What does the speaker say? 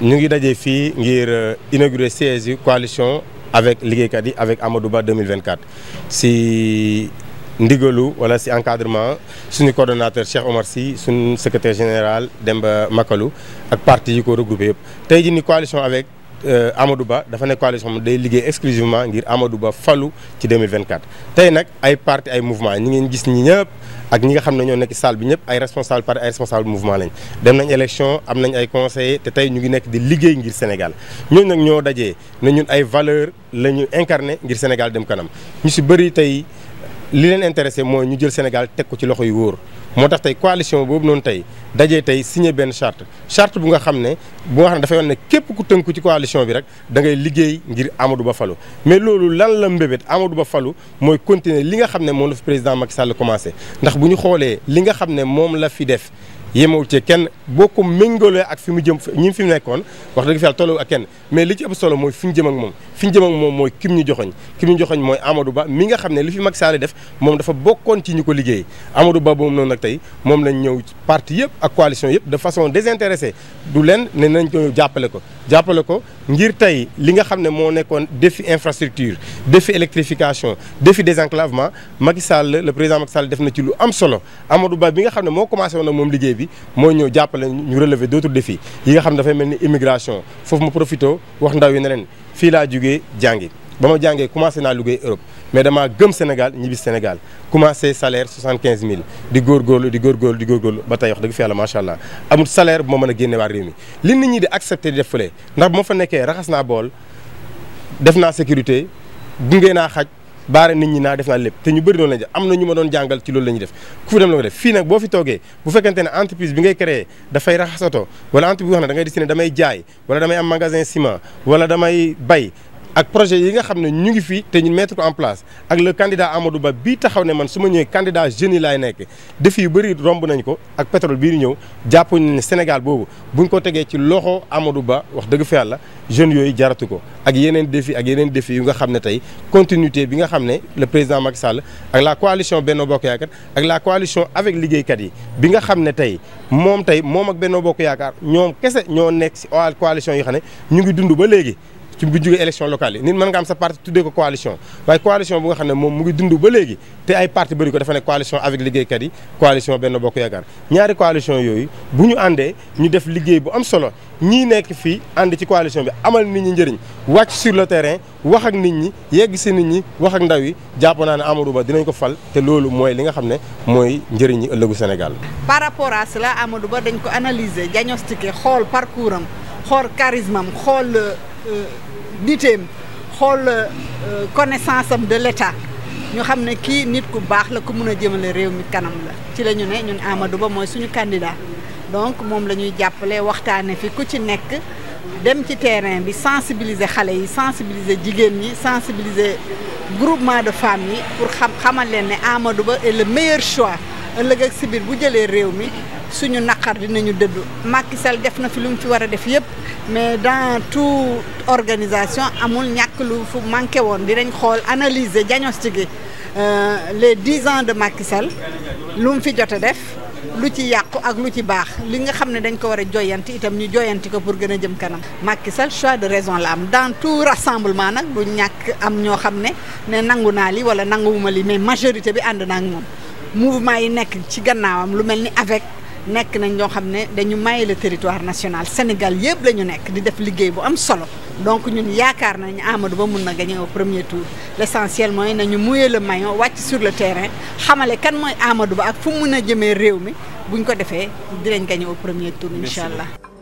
ñu ngi daje fii ngir euh, inaugurer siège coalition avec liggéeykat yi avec Amadou Ba 2024 si ndigalu wala si encadrement suñu coordonnateur Cheikh Omar suñu secrétaire général Demba Makalu ak parti yi ko regroupé yëpp tey ji ni coalition avec Euh, amadu Ba dafa nekk coalition bi day liggéey exclusivement ngir amadu Ba falu ci 2024 tey nag ay parti ay mouvement ñi ngeen gis ñi ñëpp ak ñi nga xam ne ñoo nekk salle bi ñëpp ay responsable parti ay responsable mouvement lañ dem nañ élection am nañ ay conseillers te tey ñu ngi nekk di liggéey ngir Sénégal ñooñu nag ñoo dajee na ñun ay valeur la ñu incarné ngir Sénégal dem kanam ñu si bëri tey li leen intéressé mooy ñu jël Sénégal teg ko ci loxo yu wóor moo tax tey coalition boobu noonu tey dajee tey signé benn chart charte bu nga xam ne bu nga xam ne dafay wane ne képp ku tënku ci coalition bi rek da ngay liggéey ngir Amadou Ba falu mais loolu lan la mbébét Amadou Ba falu mooy continuer li nga xam ne moom la fi président Macky Sall commencé ndax bu ñu xoolee li nga xam ne moom la fi def yemewul ci kenn boo ko méngalee ak fi mu jëm ñi fi mu nekkoon wax dëgg yàlla tolloo ak mais li ci ëpp solo mooy ñu jëm moom fi ñu jëm ak moom mooy kim ñu joxoñ kim ñu joxoñ mooy Amadou Ba mi nga xam ne li fi Macky Sall def moom dafa bokkoon ci ñu ko liggéey Amadou Ba boobu noonu nag tey moom lañ ñëw parti yëpp ak coalition yëpp de façon désintéressée du leen ne nañ ko jàppale ko jàppale ko ngir tey li nga xam ne moo nekkoon défi infrastructure défi électrification defi désenclavement Macky Sall le président Macky Sall def na ci lu am solo Amadou Ba bi nga xam ne moo commencé woon ak moom liggéey bi mooy ñëw jàppale ñu relever d'autres défis yi nga xam dafay mel ni immigration foofu ma profito wax ndaw yi ne leen fii laa jugee jàngi ba ma jàngee commencé naa liggéey Europe mais damaa gëm Sénégal ñibbi Sénégal commencé salaire soixante-quinze mille di góorgóorlu góor góorgóorlu di góorgóorlu ba tey wax dëgg fi yàlla macha allah amul salaire bu ma mën a génne waa réew mi li nit ñi di accepté di def fële ndax bu ma fa nekkee raxas naa bool def naa sécurité baare nit ñi naa def naa lépp te ñu bëri doon lañ am na ñu ma doon jàngal ci loolu la ñuy def ku fi dem la fii nag boo fi toogee bu fekkente ne entreprise bi ngay créer dafay raxasatoo wala entreprise bi wax ne da ngay dessiné damay jaay wala damay am magasin ciment wala damay bay ak projet yi nga xam ne ñu ngi fii te ñu mettre ko en place ak le candidat Amadou Ba bii taxaw ne man su ma ñëwee candidat jeunes yi laay nekk defi yu bëri romb nañ ko ak pétrole bii di ñëw jàpp ne Sénégal boobu buñ ko tegee ci loxo Amadou Ba wax dëgg fa yàlla jeunes yooyu jaratu ko ak yeneen défi ak yeneen défi yu nga xam ne tey continuité bi nga xam ne le président Macky Sall ak la coalition Benno Bokk Yaakaar ak la coalition avec kat yi bi nga xam ne tey moom tey moom ak Benno Bokk Yaakaar ñoom kese ñoo nekk si coalition yi xam ne ñu ngi dund ba léegi ci bu jógee élection locale yi nit mën nga am sa parti tuddee ko coalition waaye coalition bu nga xam ne moom mu ngi dund ba léegi te ay parti bëri ko dafa coalition avec liggéeykat yi coalition benn bokk yaakaar ñaari coalition yooyu bu ñu àndee ñu def liggéey bu am solo ñii nekk fii ànd ci coalition bi amal nit ñi njariñ wàcc sur le terrain wax ak nit ñi yegg si nit ñi wax ak ndaw yi jàpp naa ne Amadou Ba dinañ ko fal te loolu mooy li nga xam ne mooy njëriñi ëllëgu Sénégal. par rapport à cela Amadou Ba dañ xool parcours am xool charisme euh, Euh, niteem xool euh, connaissance am de l'état ñu xam ne kii nit ku baax la ku mun a jëmale réew mi kanam la ci lañu ne ñun Amadou Ba mooy suñu candidat donc moom la ñuy jàppale waxtaane fi ku ci nekk dem ci terrain bi sensibiliser xale yi sensibiliser jigéen ñi sensibiliser groupement de femme yi pour xam xamal leen ne Amadou Ba est le meilleur choix ëllëg ak si biir bu jëlee réew mi suñu naqar dinañu dëddu Macky Sall def na fi lu mu fi war a def yëpp mais dans tout organisation amul ñàkk lu fu manqué woon dinañ xool analyser diagnostiquer euh, les dix ans de Macky Sall lu mu fi jot a def lu ci yàqu ak lu ci baax li nga xam ne dañ ko war a joyanti itam ñu joyanti ko pour gën a jëm kanam. Macky Sall choix de raison la am dans tout rassemblement nag du ñàkk am ñoo xam ne ne nangu naa li wala nanguwuma li mais majorité bi ànd naa ak moom mouvement yi nekk ci gannaawam lu mel ni avec. nekk nañ ñoo xam ne dañu maye le territoire nationale Sénégal yëpp la ñu nekk di def liggéey bu am solo donc ñun yaakaar nañ Amadou Ba mun na gagné au premier tour l' yi mooy nañu mouiller le mayo wàcc sur le terrain xamale kan mooy Amadou Ba ak fu mun a jëmee réew mi buñ ko defee dinañ gagné au premier tour incha allah